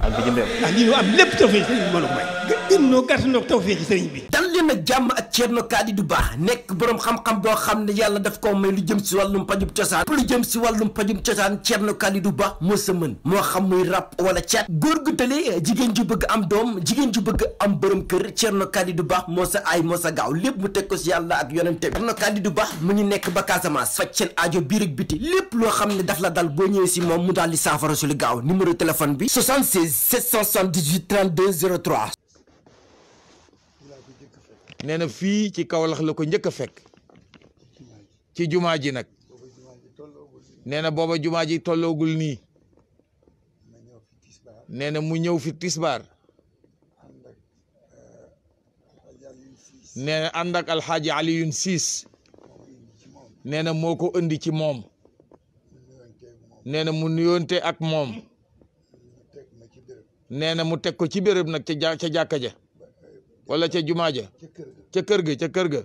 ak bitim réew. lépp tawfeex sëriñ bi mën a may. gën noo ak jàmm ak Thierno Kadidou Ba nekk borom xam boo xam ne yàlla daf koo may lu jëm si wàllum pajum cosaan lu jëm si wàllum pajum cosaan Thierno Kadidou Ba moo sa mën moo xam muy rap wala cat góor gu tële jigéen ju bëgg am doom jigéen ju bëgg am borom kër Thierno Kadidou Ba moo sa moo sa gaaw lépp mu teg ko si yàlla ak yonente bi Thierno Kadidou Ba mu ngi nekk ba Casamance faj seen aajo biir ak lépp loo xam ne daf la dal boo ñëwee si moom mu daal di saafara si li gaaw numéro téléphone bi 76 778 32 03. na fii ci Kaolack la ko njëkk a fekk ci jumaa ji nag nee na booba jumaa ji tolloogul nii nee na mu ñëw fi tisbaar nee na ànd ak alxaaji Aliyun Siis nee na moo ko indi ci moom nee na mu nuyoonte ak moom nee na mu teg ko ci béréb nag ca ja jàkka ja wala ca jumaa ja ca kër ga ca kër ga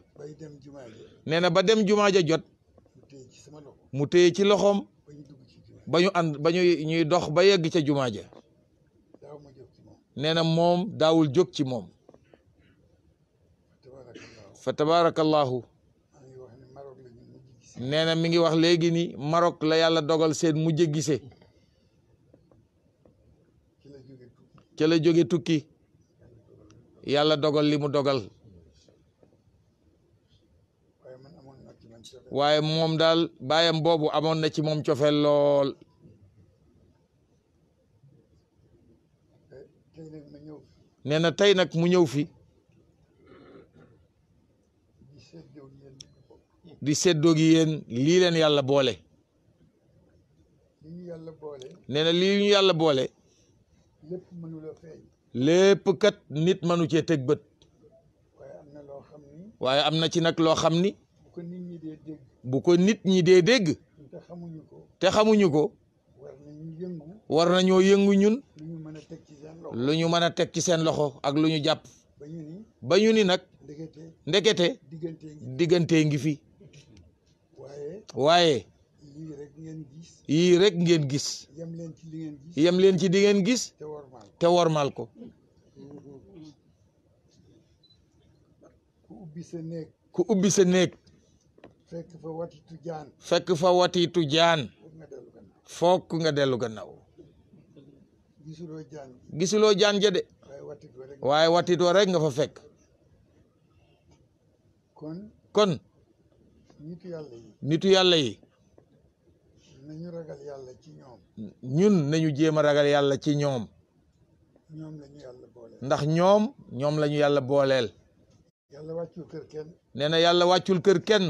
nee na ba dem jumaa ja jot mu téye ci loxoom ba ñu ànd ba ñuy dox ba yegg ca jumaa ja nee na moom daawul jóg ci moom fa tabarakallahu nee na mi ngi wax léegi ni Maroc la yàlla dogal seen mu gise ca la jóge tukki yàlla dogal li mu dogal waaye moom daal baayam boobu amoon na ci moom cofeel lool nee na tey nag mu ñëw fi di séddoo gi yéen lii leen yàlla boole nee na lii yàlla boole lépp kat nit mënu cee teg bët waaye am na loo am na ci nag loo xam ni bu ko nit ñi dee dégg ko nit ñi dee dégg te xamuñu ko te war nañu yëngu nañoo yëngu ñun lu ñu mën a teg ci seen loxo mën a teg ci seen loxo ak lu ñu jàpp ba ñu ni nag ndekete ndekete diggante ngi fi waaye yii rek ngeen gis yem leen ci di ngeen leen ci di ngeen gis te wormaal ko ku ubbi sa néeg ku ubbi sa fa watitu jaan fekk nga dellu gannaaw gisuloo jaan gisuloo jaan ja de nga fa fekk kon kon nitu yàlla yi nitu yàlla ñun nañu jéem a ragal yàlla ci ñoom ndax ñoom ñoom lañu yàlla booleel. yàlla wàccul kër kenn. nee na yàlla wàccul kër kenn.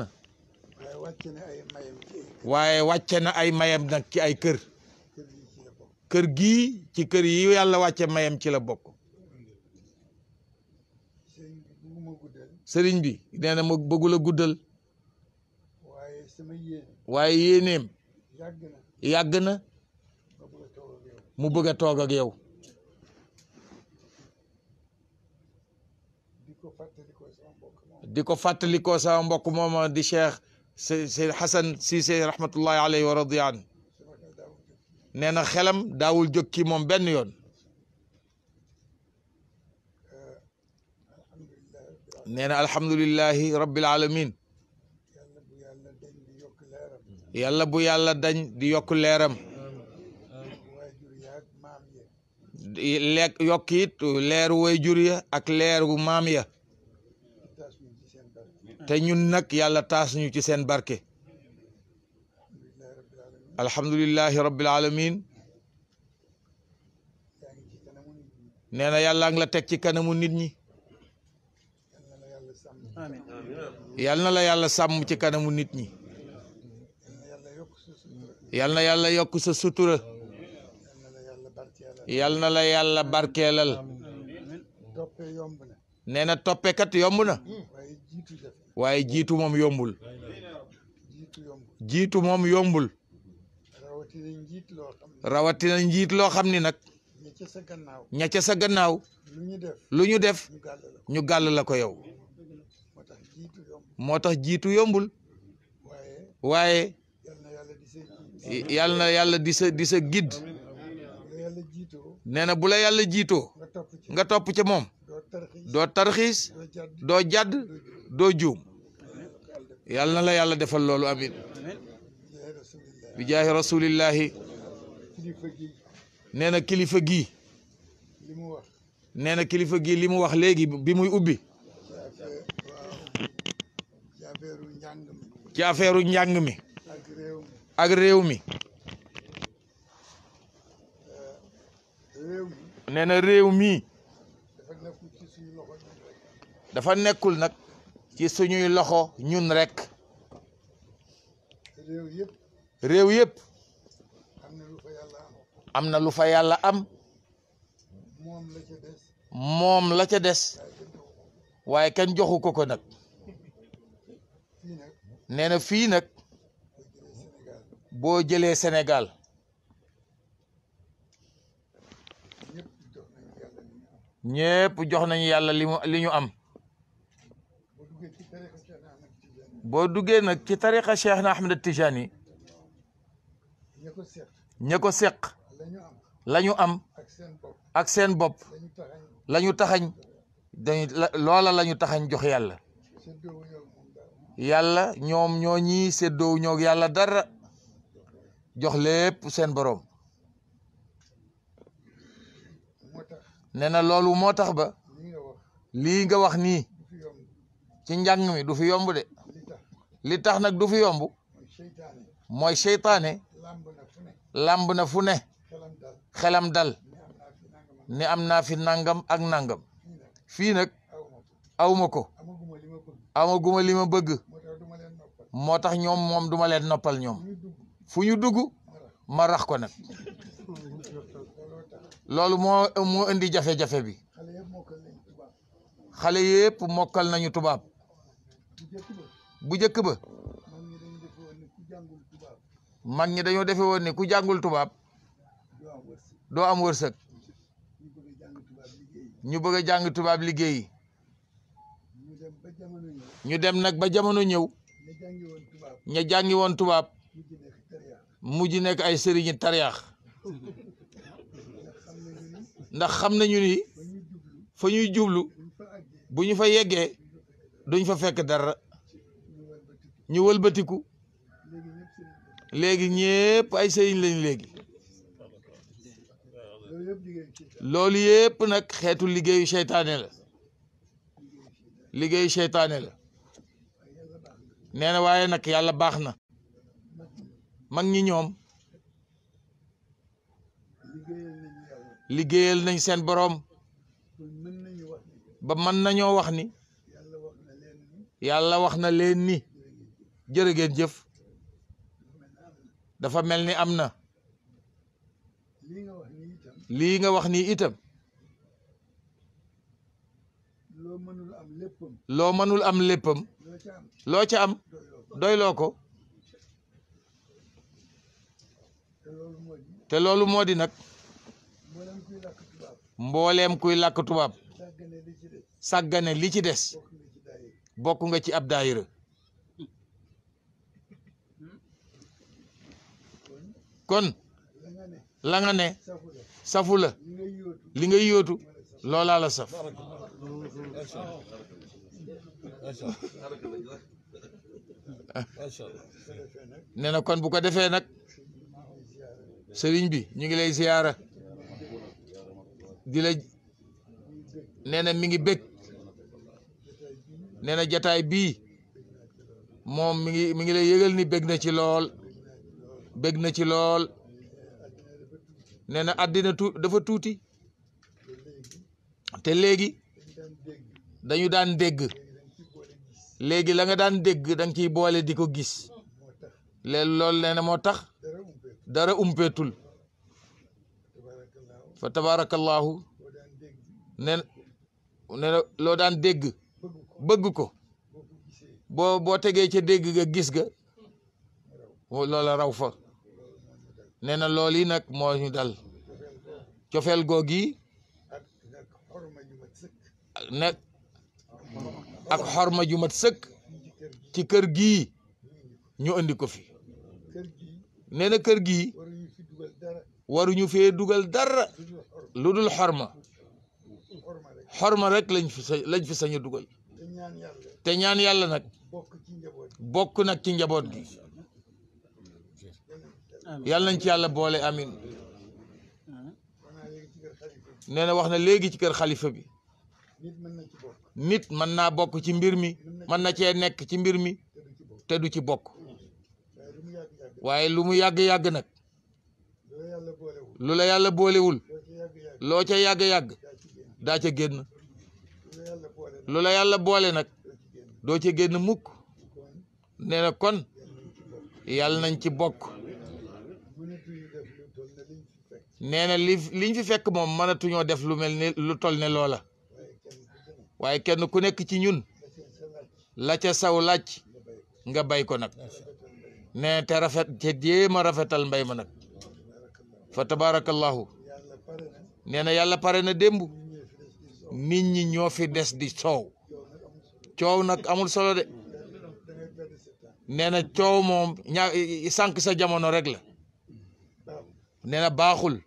waaye wàcce na ay mayam na nag ci ay kër. kër gii ci kër yi yàlla wàcce mayam ci la bokk. sëriñ bi nee bëggul a guddal. waaye sama waaye yéeneem. yàgg na na. mu bëgg a toog ak yow. di ko fàttalikoo sama mbokk mooma di cheikh seyd xasan rahmatullahi alayhi wa radiya an nee na xelam daawul jóg ci moom benn yoon nee na alhamdulillahi rabbil alamin yàlla bu yàlla dañ di yokk leeram lekk yokk it leeru way jur ya ak leeru maam ya te ñun nag yàlla taas ñu ci seen barke alhamdulillahi rabbil alamin nee na yàlla la teg ci kanamu nit ñi yal na la yàlla sàmm ci kanamu nit ñi yal na yàlla yokk sa sutura yal na la yàlla barkeelal nee na toppekat yomb na waaye jiitu moom yombul jiitu moom yombul rawatina njiit loo xam ni nag ña ca sa gannaaw lu ñu def ñu gàll la ko yow moo tax jiitu yombul waaye yàlla na yàlla di sa gidd nee na bu la yàlla jiitoo nga topp ca moom doo tarxiis doo jàdd doo juum yàlla na la yàlla defal loolu amin bi rasulillahi nee na kilifa gii nee na kilifa gii li mu wax léegi bi muy ubbi ci njàng mi ak réew mi nee na réew mi dafa nekkul nag ci suñuy loxo ñun rekk réew yëpp am na lu fa yàlla am moom la ca des waaye kenn joxu ko ko nag nee na fii nag boo jëlee Sénégal ñépp jox nañu yàlla li am boo duggee nag ci tariqa cheikh na ahmed tijani ña ko seq la ñu am ak seen bopp lañu taxañ dañ loola la taxañ jox yàlla yàlla ñoom ñoo ñii séddoow ñoog yàlla dara jox lépp seen boroom nee na loolu moo tax ba lii nga wax nii ci njàng mi du fi yomb de li tax nag du fi yomb mooy seytaane làmb na fu ne xelam dal ni am naa fi nangam ak nangam fii nag awma ko amaguma li ma bëgg moo tax ñoom moom duma leen noppal ñoom fu ñu dugg ma rax ko nag loolu moo moo indi jafe-jafe bi xale yépp mokkal nañu tubaab bu njëkk ba mag ñi dañoo defe ku jàngul tubaab doo am wërsëg ñu bëgg a jàng tubaab liggéey ñu dem nag ba jamono ñëw ña jàngi woon tubaab mujj nekk ay sëriñi tariyaax ndax xam nañu ni fa ñuy jublu bu ñu fa yeggee duñ fa fekk dara ñu walbatiku léegi ñëpp ay sëriñ lañ léegi loolu yëpp nag xeetu liggéeyu seytaane la liggéeyu seytaane la nee na waaye nag yàlla baax na mag ñi ñoom liggéeyal nañ seen boroom ba mën nañoo wax ni yàlla wax na leen ni jërë jëf dafa mel ni am na lii nga wax nii itam loo mënul am léppam loo ca am doyloo ko te loolu moo di nag mbooleem kuy làkk tubaab sàggane li ci des bokk nga ci ab daayira kon la nga ne safu li nga yóotu loolaa la saf nee na kon bu ko defee nag sëriñ bi ñu ngi lay ziyaara di la nee na mi ngi bég nee na jataay bii moom mi ngi mi ngi lay yëgal ni bég na ci lool bég na ci lool nee na àddina tu dafa tuuti te léegi dañu daan dégg léegi la nga daan dégg da nga boole di ko gis leen loolu nee moo tax dara umpetul fa tabaarakallaahu nee nee loo daan dégg bëgg ko boo boo tegee ca dégg ga gis ga loola raw fa nee na loolu yi nag moo ñu dal cofeel googi gi ak xorma ju mat sëkk ci kër gi ñu indi ko fi nee na kër gii waruñu fee dugal dara lu dul xorma xorma rek lañ fi sa lañ fi sañ a dugal te ñaan yàlla nag bokk nag ci njaboot gi yàlla nañ ci yàlla boole amin nee na wax na léegi ci kër xalifa bi nit mën naa bokk ci mbir mi mën na cee nekk ci mbir mi te du ci bokk waaye lu mu yàgg-yàgg nag lu la yàlla boolewul loo ca yàgg-yàgg daa ca génn lu la yàlla boole nag doo ca génn mukk nee na kon yàlla nañ ci bokk nee na li liñ fi fekk moom mënatuñoo def lu mel ni lu tol ne loola waaye kenn ku nekk ci ñun la ca saw laaj nga bay ko nag nee te rafet te jéem a rafetal mbay ma nag fa tabaarakallahu nee na yàlla pare na démb nit ñi ñoo fi des di soow coow nag amul solo de nee na coow moom ña sànq sa jamono rek la nee baaxul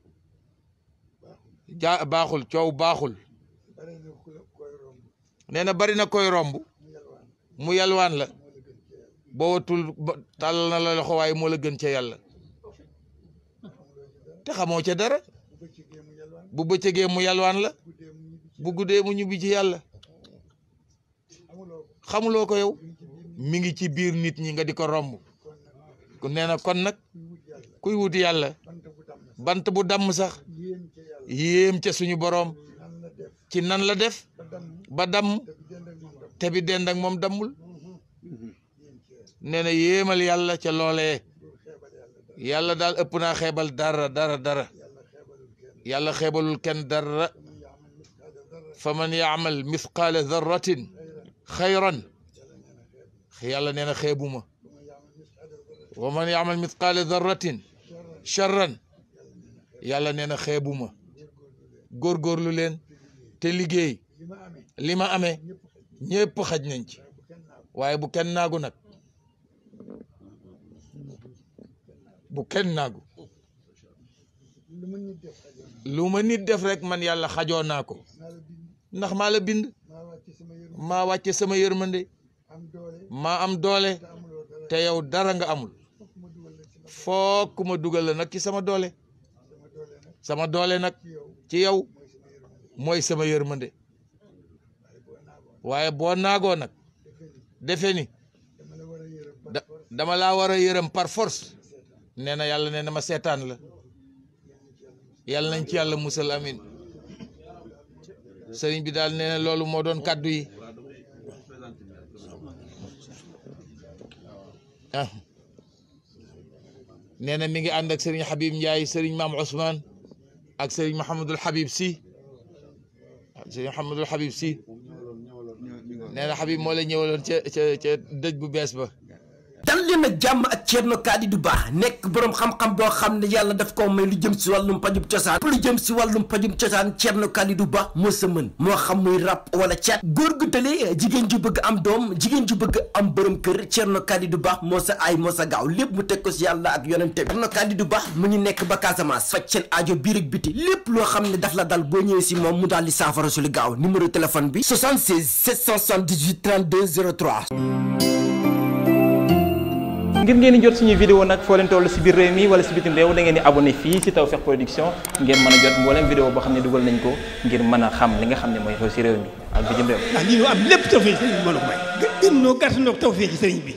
jaa baaxul coow baaxul nee na bari na koy romb mu yalwaan la boo watul tàllal na la loxo waaye moo la gën cee yàlla te xamoo ca dara bu bëccëgee mu yalwaan la bu guddee mu ñibbi ci yàlla xamuloo ko yow mi ngi ci biir nit ñi nga di ko romb nee na kon nag kuy wuti yàlla bant bu damm sax yéem ca suñu boroom ci nan la def ba damm te bi dend ak moom dammul nee na yéemal yàlla ca loolee yàlla daal ëpp naa xeebal dara dara dara yàlla xeebalul kenn dara fa man yaamal mithqaala darratin xayran yàlla nee na xeebuma wa man yaamal mithqaala darratin charran yàlla nee na xeebuma góorgóorlu leen te liggéey li ma amee ñëpp xaj nañ ci waaye bu kenn naagu nag bu kenn naagu lu ni def rek man yàlla xajoo naa ko ndax maa la bind maa wàcce sama yërmande maa am doole te yow dara nga amul fook ma dugal la nag ci sama doole sama doole nag ci yow mooy sama yërmande waaye boo naagoo nag defe ni dama laa war a yërëm par force nee na yàlla nee na ma seetaan la yàlla nañ ci yàlla musal amin sëriñ bi daal nee loolu moo doon kàddu yi ah na mi ngi ànd ak sëriñ Habib Ndiaye sëriñ maam Ousmane ak sëriñ Mouhamadul Habib si sëriñ Mouhamadul Habib si nee na Habib moo la ñëwaloon ca ca ca dëj bu bees ba dal leen a jàmm ak Thierno Kalidou baax nekk boroom xam-xam boo xam ne yàlla daf koo may lu jëm si wàllum pajum cosaan lu jëm si wàllum pajum cosaan Thierno Kalidou Ba moo sa moo xam muy rap wala cat góor gu tëlee jigéen ju bëgg am doom jigéen ju bëgg am boroom kër Thierno Kalidou Ba moo sa aay moo sa gaaw lépp mu teg ko yàlla ak yonente bi Thierno Kalidou Ba mu ngi nekk ba Casamance faj seen aajo biir ak biti lépp loo xam ne daf la dal boo ñëwee si moom mu daal di saafara su lu gaaw numéro téléphone bi 76 778 32 03 ngir ngeen jot suñu vidéo nag foo leen toll si biir réew mi wala si bitim réew da ngeen di abonné fii si Tawfekh Production ngeen mën a jot mboolem vidéo boo xam ne dugal nañ ko ngir mën a xam li nga xam ne mooy xew si réew mi ak bitim réew. ndax lii may. gën noo gàtt noo Tawfekh sëriñ bi.